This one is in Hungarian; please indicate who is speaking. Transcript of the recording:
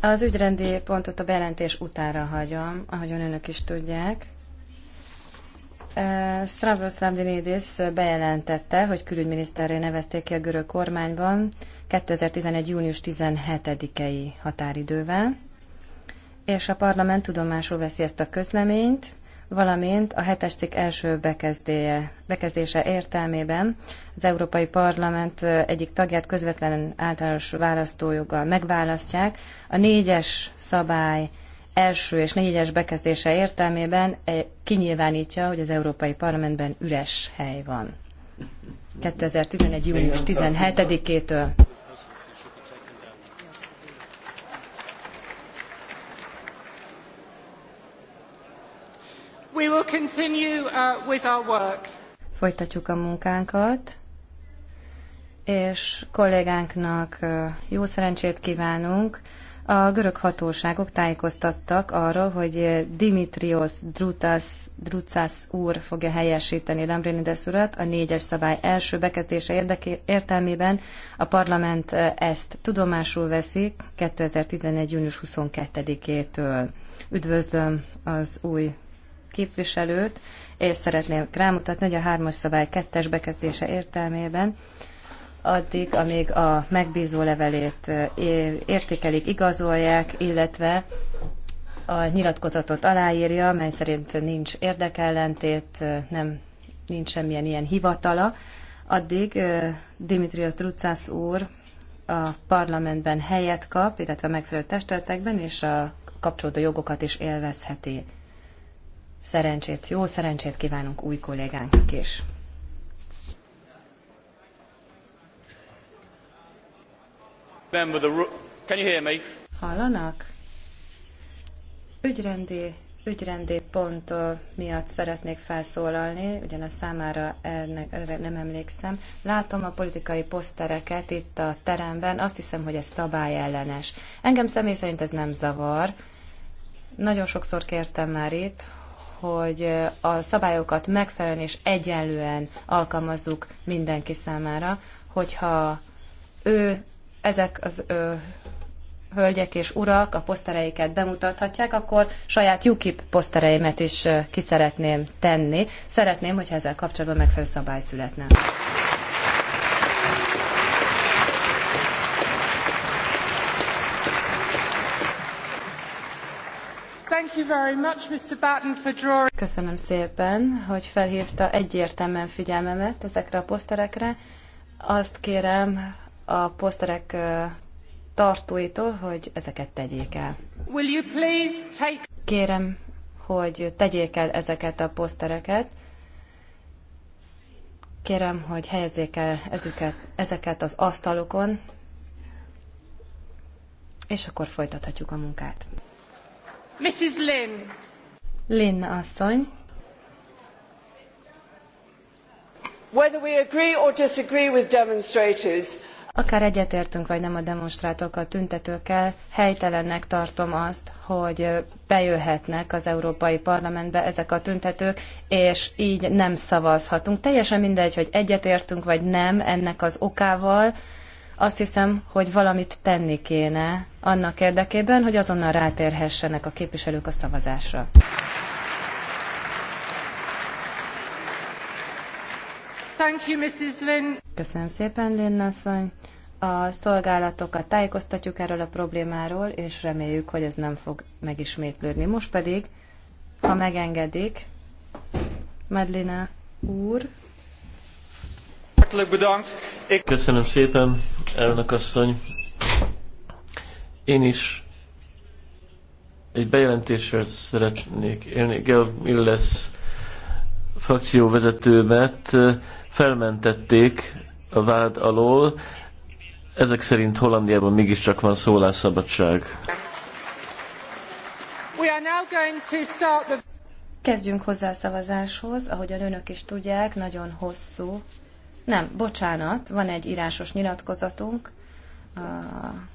Speaker 1: Az ügyrendi pontot a bejelentés utára hagyom, ahogyan önök is tudják. Stavros Lambrinidis bejelentette, hogy külügyminiszterré nevezték ki a görög kormányban 2011. június 17-i határidővel, és a parlament tudomásul veszi ezt a közleményt, valamint a hetes cikk első bekezdéje, bekezdése értelmében az Európai Parlament egyik tagját közvetlen általános választójoggal megválasztják. A négyes szabály első és négyes bekezdése értelmében e, kinyilvánítja, hogy az Európai Parlamentben üres hely van. 2011. június 17-től. We will continue uh, with our work. Folytatjuk a munkánkat, és kollégánknak uh, jó szerencsét kívánunk. A görög hatóságok tájékoztattak arról, hogy uh, Dimitrios Drutas, Drutas úr fogja helyesíteni Lambrinides urat a négyes szabály első bekezdése érdeké, értelmében. A parlament uh, ezt tudomásul veszi 2011. június 22-től. Üdvözlöm az új képviselőt, és szeretnék rámutatni, hogy a hármas szabály kettes bekezdése értelmében addig, amíg a megbízó levelét értékelik, igazolják, illetve a nyilatkozatot aláírja, mely szerint nincs érdekellentét, nem, nincs semmilyen ilyen hivatala, addig Dimitrios Drucász úr a parlamentben helyet kap, illetve megfelelő testületekben, és a kapcsolódó jogokat is élvezheti szerencsét, jó szerencsét kívánunk új kollégánknak is. Hallanak? Ügyrendi, ügyrendi pont miatt szeretnék felszólalni, ugyanaz számára erre nem emlékszem. Látom a politikai posztereket itt a teremben, azt hiszem, hogy ez szabályellenes. Engem személy szerint ez nem zavar. Nagyon sokszor kértem már itt, hogy a szabályokat megfelelően és egyenlően alkalmazzuk mindenki számára, hogyha ő, ezek az ő, hölgyek és urak a posztereiket bemutathatják, akkor saját UKIP posztereimet is ki szeretném tenni. Szeretném, hogyha ezzel kapcsolatban megfelelő szabály születne. Thank you very much, Mr. Batten, for drawing... Köszönöm szépen, hogy felhívta egyértelműen figyelmemet ezekre a poszterekre. Azt kérem a poszterek tartóitól, hogy ezeket tegyék el. Will you please take... Kérem, hogy tegyék el ezeket a posztereket. Kérem, hogy helyezzék el ezüket, ezeket az asztalokon, és akkor folytathatjuk a munkát. Mrs. Lynn. Lynn asszony. Whether we agree or disagree with demonstrators, akár egyetértünk vagy nem a demonstrátokkal, tüntetőkkel, helytelennek tartom azt, hogy bejöhetnek az Európai Parlamentbe ezek a tüntetők, és így nem szavazhatunk. Teljesen mindegy, hogy egyetértünk vagy nem ennek az okával, azt hiszem, hogy valamit tenni kéne annak érdekében, hogy azonnal rátérhessenek a képviselők a szavazásra. Thank you, Mrs. Lynn. Köszönöm szépen, Lynn asszony. A szolgálatokat tájékoztatjuk erről a problémáról, és reméljük, hogy ez nem fog megismétlődni. Most pedig, ha megengedik, Medlina úr. Köszönöm szépen, elnök asszony. Én is egy bejelentéssel szeretnék élni. Gel Milles frakcióvezetőmet felmentették a vád alól. Ezek szerint Hollandiában mégiscsak van szólásszabadság. Kezdjünk hozzá a szavazáshoz. Ahogyan önök is tudják, nagyon hosszú nem, bocsánat, van egy írásos nyilatkozatunk. A